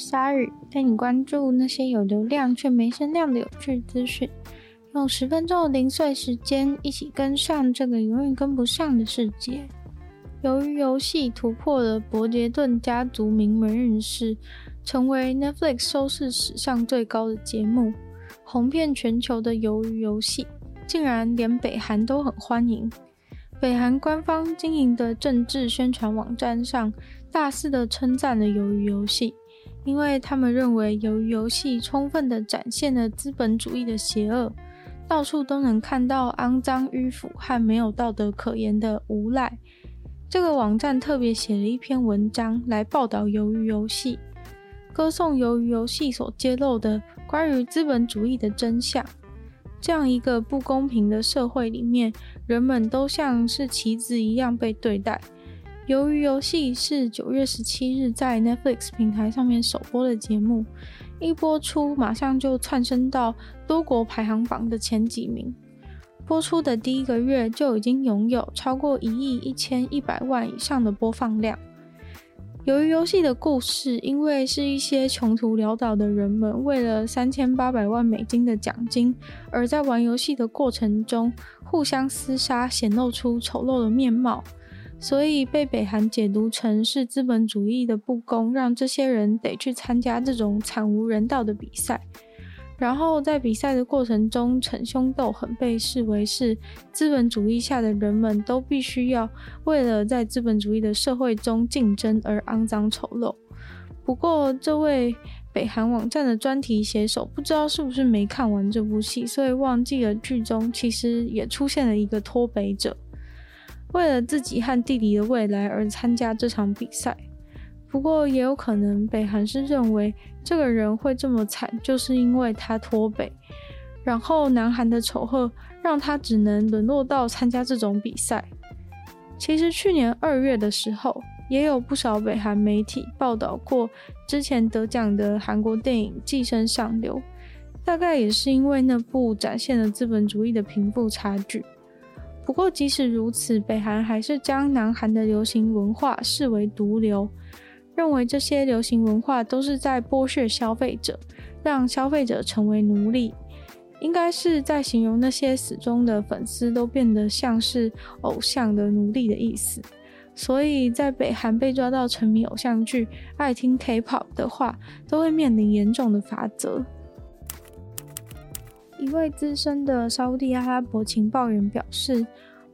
鯊魚帶你關注那些有流量卻沒聲量的有趣資訊，用十分鐘的零碎時間一起跟上這個永遠跟不上的世界。《魷魚遊戲》突破了伯傑頓家族名門韻事，成為 Netflix 收視史上最高的節目，紅遍全球的《魷魚遊戲》竟然連北韓都很歡迎。北韓官方經營的政治宣傳網站上大肆的稱讚了《魷魚遊戲》。因為他們認為，魷魚遊戲充分地展現了資本主義的邪惡，到處都能看到骯髒、迂腐和沒有道德可言的無賴。這個網站特別寫了一篇文章來報道魷魚遊戲，歌頌魷、魷魚遊戲所揭露的關於資本主義的真相。這樣一個不公平的社會裡面，人們都像是棋子一樣被對待。魷魚遊戲是九月十七日在 Netflix 平台上面首播的節目，一播出馬上就竄升到多國排行榜的前幾名，播出的第一個月就已經擁有超過一億一千一百萬以上的播放量。魷魚遊戲的故事，因為是一些窮途潦倒的人們為了三千八百萬美金的獎金，而在玩遊戲的過程中互相廝殺，顯露出醜陋的面貌。所以被北韓解讀成是資本主義的不公，讓這些人得去參加這種慘無人道的比賽，然後在比賽的過程中逞凶鬥狠，很被視為是資本主義下的人們都必須要為了在資本主義的社會中競爭而骯髒醜陋。不過，這位北韓網站的專題寫手不知道是不是沒看完這部戲，所以忘記了劇中其實也出現了一個脫北者。為了自己和弟弟的未來而參加這場比賽，不過也有可能北韓是認為這個人會這麼慘，就是因為他脫北，然後南韓的醜惡讓他只能淪落到參加這種比賽。其實去年二月的時候，也有不少北韓媒體報道過之前得獎的韓國電影《寄生上流》，大概也是因為那部展現了資本主義的貧富差距。不過，即使如此，北韓還是將南韓的流行文化視為毒瘤，認為這些流行文化都是在剝削消費者，讓消費者成為奴隸。應該是在形容那些死忠的粉絲都變得像是偶像的奴隸的意思。所以在北韓被抓到沉迷偶像劇、愛聽 K-pop 的話，都會面臨嚴重的罰則。一位資深的沙烏地阿拉伯情報員表示，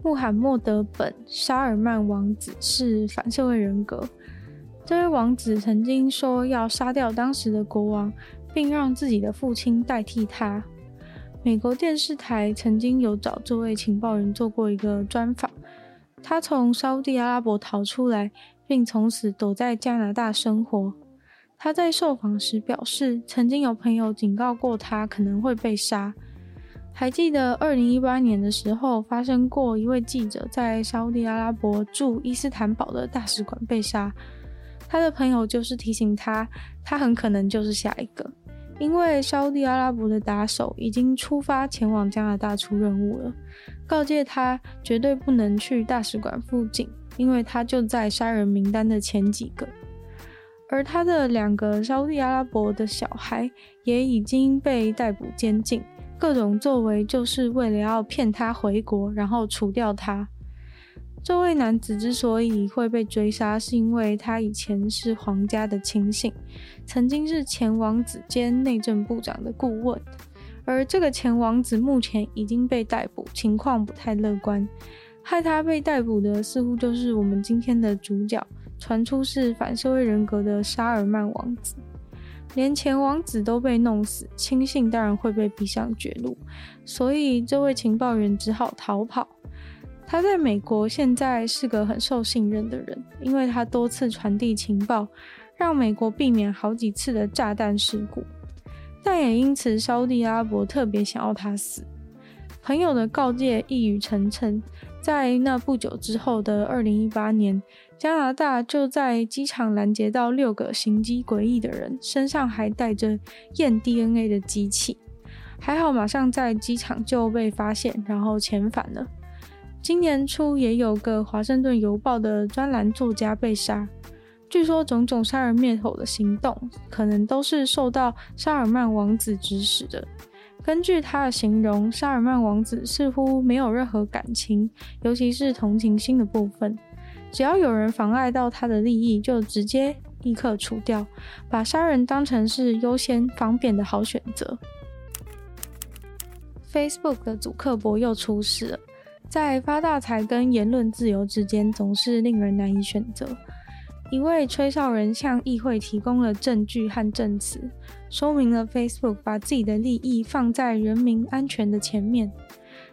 穆罕默德·本·沙爾曼王子是反社會人格。這位王子曾經說要殺掉當時的國王，並讓自己的父親代替他。美國電視台曾經有找這位情報員做過一個專訪，他從沙烏地阿拉伯逃出來，並從此躲在加拿大生活。他在受訪時表示，曾經有朋友警告過他可能會被殺。還記得二零一八年的時候，發生過一位記者在沙烏地阿拉伯駐伊斯坦堡的大使館被殺，他的朋友就是提醒他，他很可能就是下一個，因為沙烏地阿拉伯的打手已經出發前往加拿大出任務了，告誡他絕對不能去大使館附近，因為他就在殺人名單的前幾個。而他的兩個沙烏地阿拉伯的小孩也已經被逮捕監禁，各種作為就是為了要騙他回國，然後除掉他。這位男子之所以會被追殺，是因為他以前是皇家的親信，曾經是前王子兼內政部長的顧問。而這個前王子目前已經被逮捕，情況不太樂觀。害他被逮捕的，似乎就是我們今天的主角。傳出是反社會人格的沙爾曼王子，連前王子都被弄死，親信當然會被逼上絕路，所以這位情報員只好逃跑。他在美國現在是個很受信任的人，因為他多次傳遞情報，讓美國避免好幾次的炸彈事故，但也因此，沙烏地阿拉伯特別想要他死。朋友的告誡一語成讖。在那不久之後的二零一八年，加拿大就在機場攔截到六個行迹詭異的人，身上還帶着驗 DNA 的機器。還好，馬上在機場就被發現，然後遣返了。今年初也有個《華盛頓郵報》的專欄作家被殺，據說種種殺人滅口的行動，可能都是受到沙爾曼王子指使的。根據他的形容，沙爾曼王子似乎沒有任何感情，尤其是同情心的部分。只要有人妨礙到他的利益，就直接立刻除掉，把殺人當成是優先方便的好選擇。Facebook 的祖克柏又出事了，在發大財跟言論自由之間，總是令人難以選擇。一位吹哨人向議會提供了證據和證詞，說明了 Facebook 把自己的利益放在人民安全的前面。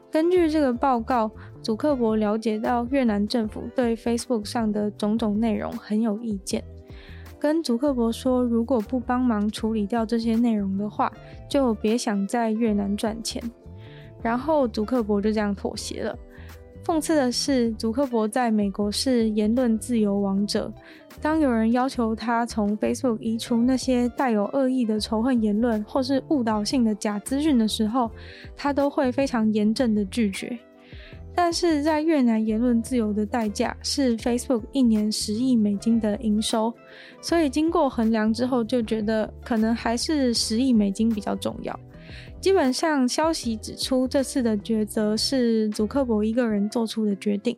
根據這個報告，祖克伯了解到越南政府對 Facebook 上的種種內容很有意見，跟祖克伯說，如果不幫忙處理掉這些內容的話，就別想在越南賺錢。然後祖克伯就這樣妥協了。諷刺的是，祖克伯在美國是言論自由王者。當有人要求他從 Facebook 移除那些帶有惡意的仇恨言論或是誤導性的假資訊的時候，他都會非常嚴正的拒絕。但是在越南，言論自由的代價是 Facebook 一年十億美金的營收，所以經過衡量之後，就覺得可能還是十億美金比較重要。基本上，消息指出這次的抉擇是祖克伯一個人做出的決定。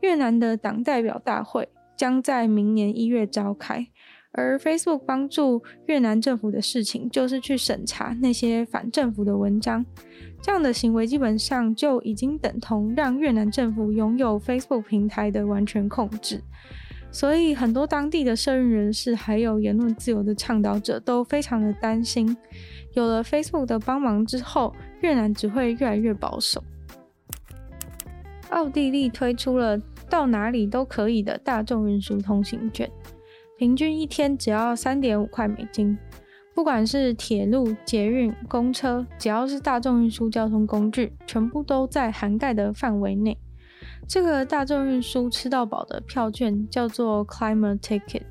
越南的黨代表大會將在明年一月召開，而 Facebook 幫助越南政府的事情就是去審查那些反政府的文章。這樣的行為基本上就已經等同讓越南政府擁有 Facebook 平台的完全控制。所以，很多當地的社運人士還有言論自由的倡導者都非常的擔心，有了 Facebook 的幫忙之後，越南只會越來越保守。奧地利推出了到哪裡都可以的大眾運輸通行券，平均一天只要三點五塊美金，不管是鐵路、捷運、公車，只要是大眾運輸交通工具，全部都在涵蓋的範圍內。這個大眾運輸吃到飽的票券叫做 Climate Ticket，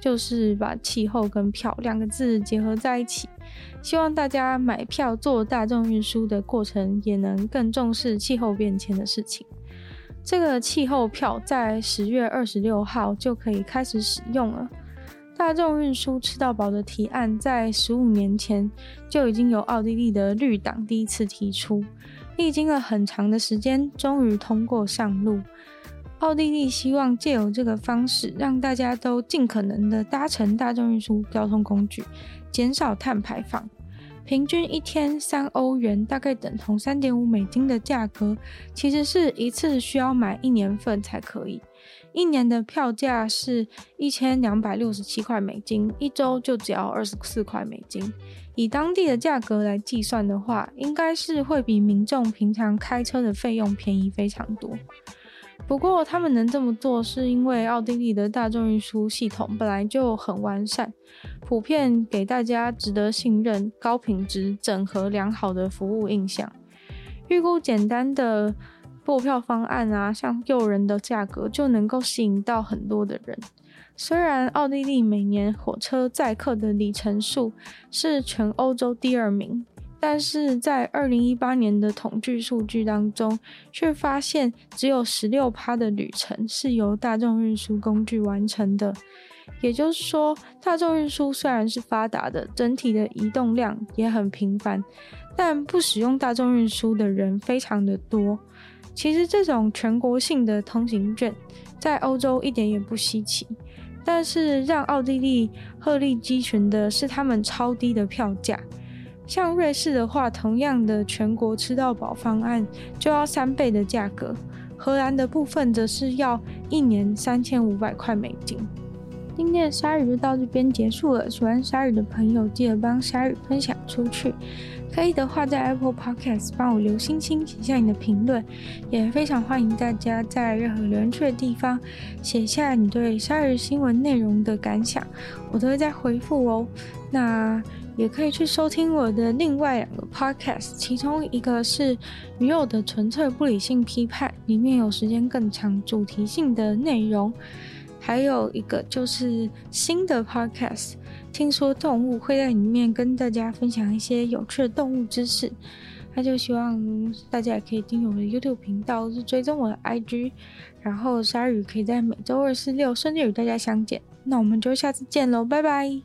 就是把氣候跟票兩個字結合在一起，希望大家買票做大眾運輸的過程也能更重視氣候變遷的事情。這個氣候票在十月二十六號就可以開始使用了。大眾運輸吃到飽的提案在十五年前就已經由奧地利的綠黨第一次提出。歷經了很長的時間，終於通過上路。奧地利希望借由這個方式，讓大家都盡可能的搭乘大眾運輸交通工具，減少碳排放。平均一天三歐元，大概等同三點五美金的價格，其實是一次需要買一年份才可以。一年的票價是一千兩百六十七塊美金，一周就只要二十四塊美金。以當地的價格來計算的話，應該是會比民眾平常開車的費用便宜非常多。不過，他們能這麼做，是因為奧地利的大眾運輸系統本來就很完善，普遍給大家值得信任、高品質、整合良好的服務印象。預估簡單的。購票方案啊，像誘人的價格就能夠吸引到很多的人。雖然奧地利每年火車載客的里程數是全歐洲第二名，但是在二零一八年的統計數據當中，卻發現只有十六趴的旅程是由大眾運輸工具完成的。也就是說，大眾運輸雖然是發達的，整體的移動量也很頻繁，但不使用大眾運輸的人非常的多。其實這種全國性的通行券，在歐洲一點也不稀奇，但是讓奧地利鶴立雞群的是他們超低的票價。像瑞士的話，同樣的全國吃到飽方案就要三倍的價格；荷蘭的部分則是要一年三千五百塊美金。今天的鯊魚就到這邊結束了。喜歡鯊魚的朋友，記得幫鯊魚分享出去。可以的話，在 Apple Podcast 幫我留星星，寫下你的評論。也非常歡迎大家在任何留言區的地方寫下你對鯊魚新聞內容的感想，我都會再回復哦。那也可以去收聽我的另外兩個 Podcast，其中一個是女友的純粹不理性批判，裡面有時間更長、主題性的內容。還有一個就是新的 podcast，聽說動物會在裡面跟大家分享一些有趣的動物知識。那就希望大家也可以訂閱我的 YouTube 頻道，追蹤我的 IG，然後鯊魚可以在每週二、四、六，深夜與大家相見。那我們就下次見嘍，拜拜。